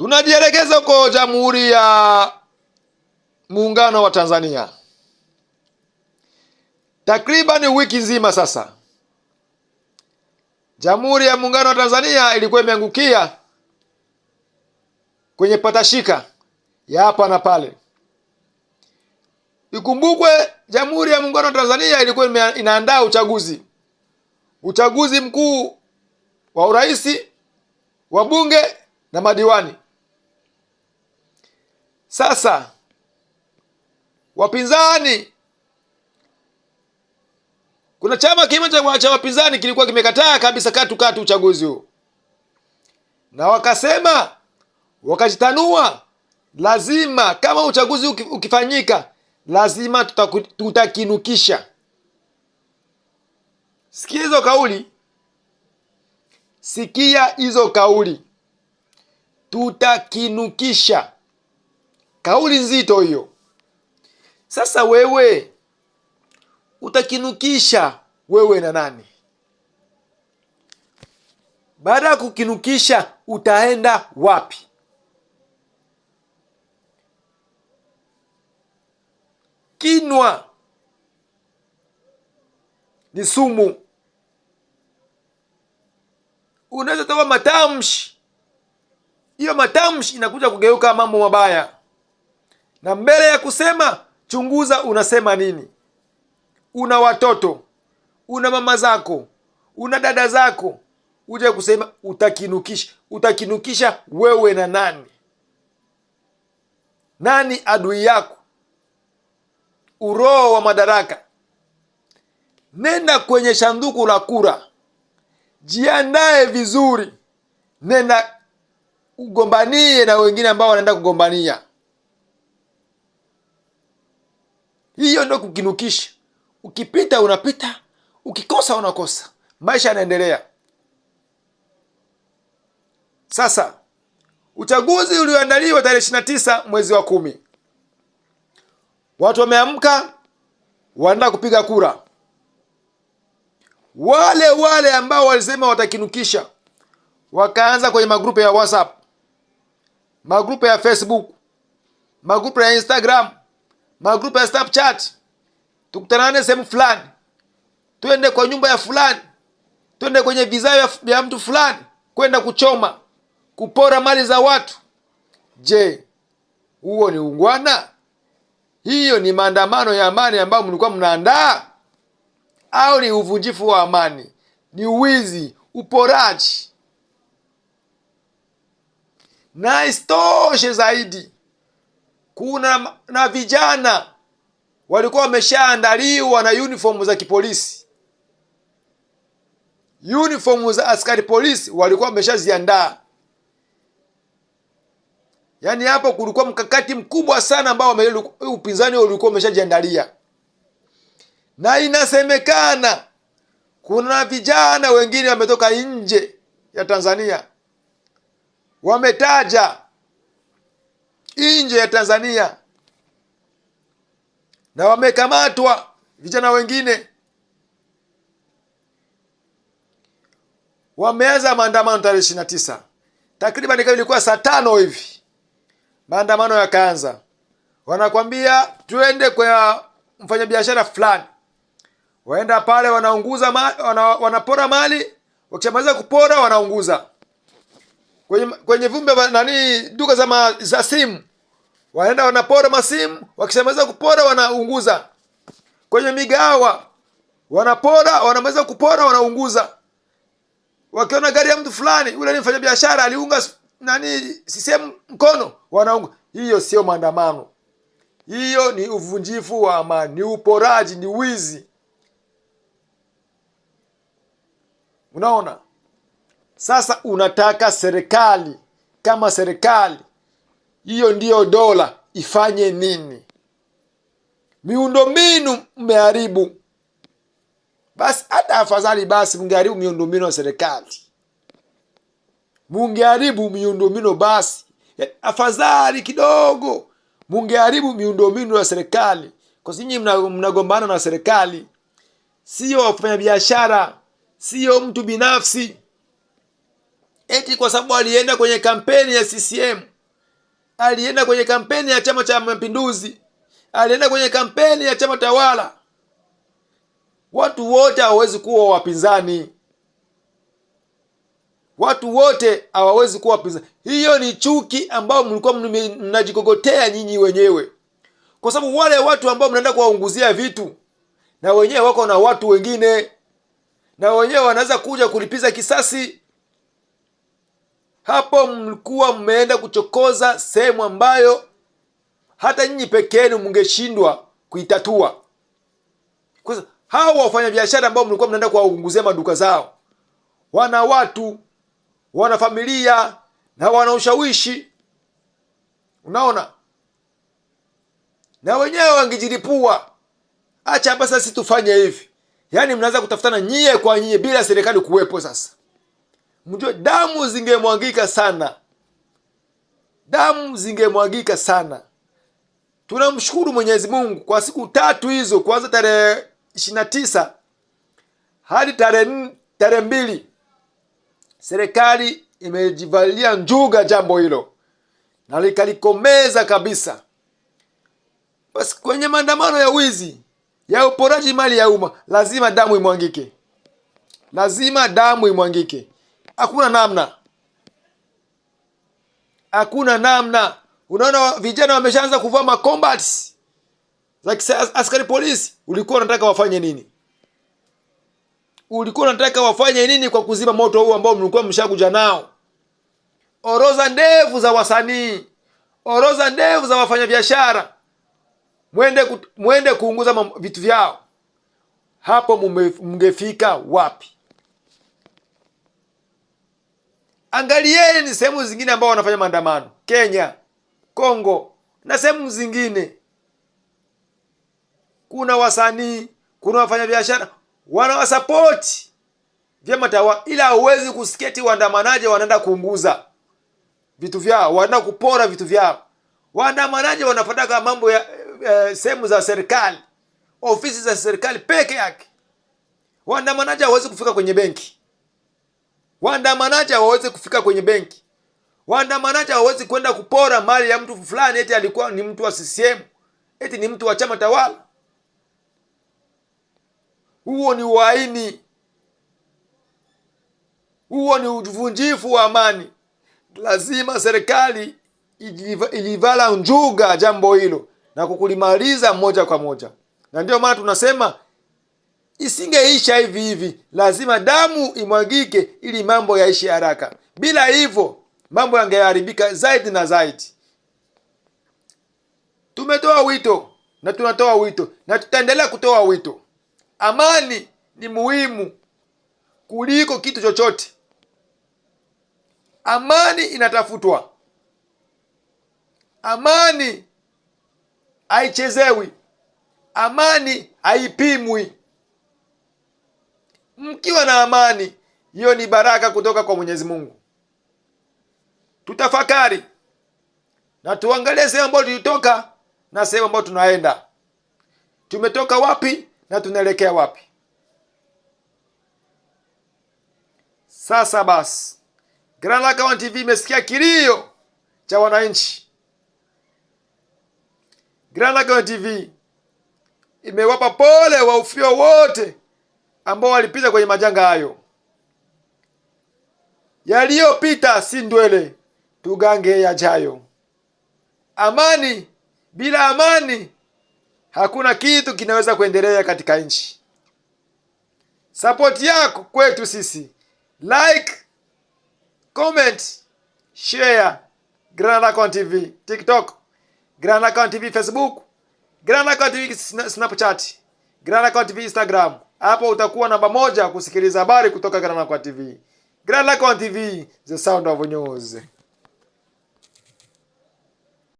Tunajielekeza huko Jamhuri ya Muungano wa Tanzania. Takriban wiki nzima sasa, Jamhuri ya Muungano wa Tanzania ilikuwa imeangukia kwenye patashika ya hapa na pale. Ikumbukwe, Jamhuri ya Muungano wa Tanzania ilikuwa inaandaa uchaguzi, uchaguzi mkuu wa urais, wa bunge na madiwani. Sasa wapinzani, kuna chama kimoja cha wapinzani kilikuwa kimekataa kabisa katu katu uchaguzi huu, na wakasema wakajitanua, lazima kama uchaguzi ukifanyika, lazima tutakinukisha. Sikia hizo kauli, sikia hizo kauli, tutakinukisha Kauli nzito hiyo. Sasa wewe utakinukisha wewe na nani? Baada ya kukinukisha utaenda wapi? Kinwa ni sumu. Unaweza toa matamshi, hiyo matamshi inakuja kugeuka mambo mabaya na mbele ya kusema chunguza unasema nini. Una watoto, una mama zako, una dada zako, uje kusema utakinukisha. Utakinukisha wewe na nani? Nani adui yako? Uroho wa madaraka. Nenda kwenye shanduku la kura, jiandae vizuri, nenda ugombanie na wengine ambao wanaenda kugombania. Hiyo ndio kukinukisha. Ukipita unapita, ukikosa unakosa, maisha yanaendelea. Sasa uchaguzi ulioandaliwa tarehe ishirina na tisa mwezi wa kumi, watu wameamka, wanaenda kupiga kura. Wale wale ambao walisema watakinukisha wakaanza kwenye magrupu ya WhatsApp, magrupu ya Facebook, magrupu ya Instagram magrupu ya Snapchat, tukutanane sehemu fulani, twende kwa nyumba ya fulani, twende kwenye vizao ya mtu fulani, kwenda kuchoma, kupora mali za watu. Je, huo ni ungwana? Hiyo ni maandamano ya amani ambayo mlikuwa mnaandaa, au ni uvunjifu wa amani? Ni uwizi, uporaji na istoshe zaidi kuna na vijana walikuwa wameshaandaliwa na uniform za kipolisi, uniform za askari polisi walikuwa wameshaziandaa. Yaani hapo kulikuwa mkakati mkubwa sana ambao upinzani ulikuwa umeshajiandalia, na inasemekana kuna vijana wengine wametoka nje ya Tanzania wametaja nje ya Tanzania, na wamekamatwa vijana wengine, wameanza maandamano tarehe ishirini na tisa takriban kama ilikuwa saa tano hivi, maandamano yakaanza. Wanakwambia twende kwa mfanyabiashara fulani, waenda pale wanaunguza ma, wana, wanapora mali, wakishamaliza kupora wanaunguza kwenye, kwenye vumbe nani duka za, za simu Wanaenda wanapora masimu, wakishamaliza kupora wanaunguza kwenye migawa wanapora, wanamaliza kupora wanaunguza. Wakiona gari ya mtu fulani, ule ni mfanya biashara aliunga nani sisehemu mkono, wanaunga. Hiyo sio maandamano, hiyo ni uvunjifu wa amani, ni uporaji, ni wizi. Unaona sasa, unataka serikali kama serikali hiyo ndiyo dola ifanye nini? Miundombinu mmeharibu, basi hata afadhali basi mungeharibu miundombinu ya serikali, mungeharibu miundombinu basi afadhali kidogo, mungeharibu miundombinu ya serikali, kwa mnagombana na serikali, sio wafanyabiashara, sio mtu binafsi, eti kwa sababu alienda kwenye kampeni ya CCM alienda kwenye kampeni ya Chama cha Mapinduzi, alienda kwenye kampeni ya chama tawala. Watu wote hawawezi kuwa wapinzani, watu wote hawawezi kuwa wapinzani. Hiyo ni chuki ambayo mlikuwa mnajikogotea nyinyi wenyewe, kwa sababu wale watu ambao mnaenda kuwaunguzia vitu na wenyewe wako na watu wengine, na wenyewe wanaweza kuja kulipiza kisasi. Hapo mlikuwa mmeenda kuchokoza sehemu ambayo hata nyinyi peke yenu mngeshindwa kuitatua. Kwa hao wafanyabiashara ambao mlikuwa mnaenda kuwaunguzia maduka zao, wana watu, wana familia na wana ushawishi. Unaona, na wenyewe wangejilipua, acha hapa sasa, si tufanye hivi. Yaani mnaanza kutafutana nyie kwa nyie bila serikali kuwepo sasa mjue damu zingemwagika sana, damu zingemwagika sana. Tunamshukuru Mwenyezi Mungu kwa siku tatu hizo, kwanza tarehe ishiri na tisa hadi tarehe mbili, serikali imejivalia njuga jambo hilo na likalikomeza kabisa. Basi kwenye maandamano ya wizi ya uporaji mali ya umma lazima damu imwangike, lazima damu imwangike hakuna namna, hakuna namna. Unaona vijana wameshaanza kuvaa makombats za like askari polisi. Ulikuwa unataka wafanye nini? Ulikuwa unataka wafanye nini kwa kuzima moto huu ambao mlikuwa mshakuja nao? oroza ndefu za wasanii, oroza ndefu za wafanyabiashara, mwende mwende kuunguza vitu vyao. Hapo mungefika wapi? Angalieni sehemu zingine ambao wanafanya maandamano, Kenya, Kongo na sehemu zingine, kuna wasanii, kuna wafanyabiashara wanawasapoti vyama tawala, ila hauwezi kusiketi waandamanaji wanaenda kuunguza vitu vyao, wanaenda kupora vitu vyao. Waandamanaji wanafataka mambo ya eh, eh, sehemu za serikali, ofisi za serikali peke yake. Waandamanaji hawezi kufika kwenye benki Waandamanaji hawawezi kufika kwenye benki. Waandamanaji hawawezi kwenda kupora mali ya mtu fulani eti alikuwa ni mtu wa CCM, eti ni mtu wa chama tawala. Huo ni waini Huo ni uvunjifu wa amani. Lazima serikali ilivala njuga jambo hilo na kukulimaliza moja kwa moja, na ndio maana tunasema isingeisha hivi hivi, lazima damu imwagike ili mambo yaishi haraka. Bila hivyo mambo yangeharibika zaidi na zaidi. Tumetoa wito na tunatoa wito na tutaendelea kutoa wito. Amani ni muhimu kuliko kitu chochote. Amani inatafutwa, amani haichezewi, amani haipimwi mkiwa na amani, hiyo ni baraka kutoka kwa Mwenyezi Mungu. Tutafakari na tuangalie sehemu ambayo tulitoka na sehemu ambayo tunaenda, tumetoka wapi na tunaelekea wapi. Sasa basi, Grand Lac One TV imesikia kilio cha wananchi. Grand Lac One TV imewapa pole waufio wote ambao walipita kwenye majanga hayo. Yaliyopita si ndwele, tugange yajayo. Amani, bila amani hakuna kitu kinaweza kuendelea katika nchi. Sapoti yako kwetu sisi, like, comment, share. Grand Account TV TikTok, Grand Account TV Facebook, Grand Account TV Snapchat. Grandacoa TV Instagram. Hapo utakuwa namba moja kusikiliza habari kutoka Grandacoa TV. Grandacoa TV, the sound of news.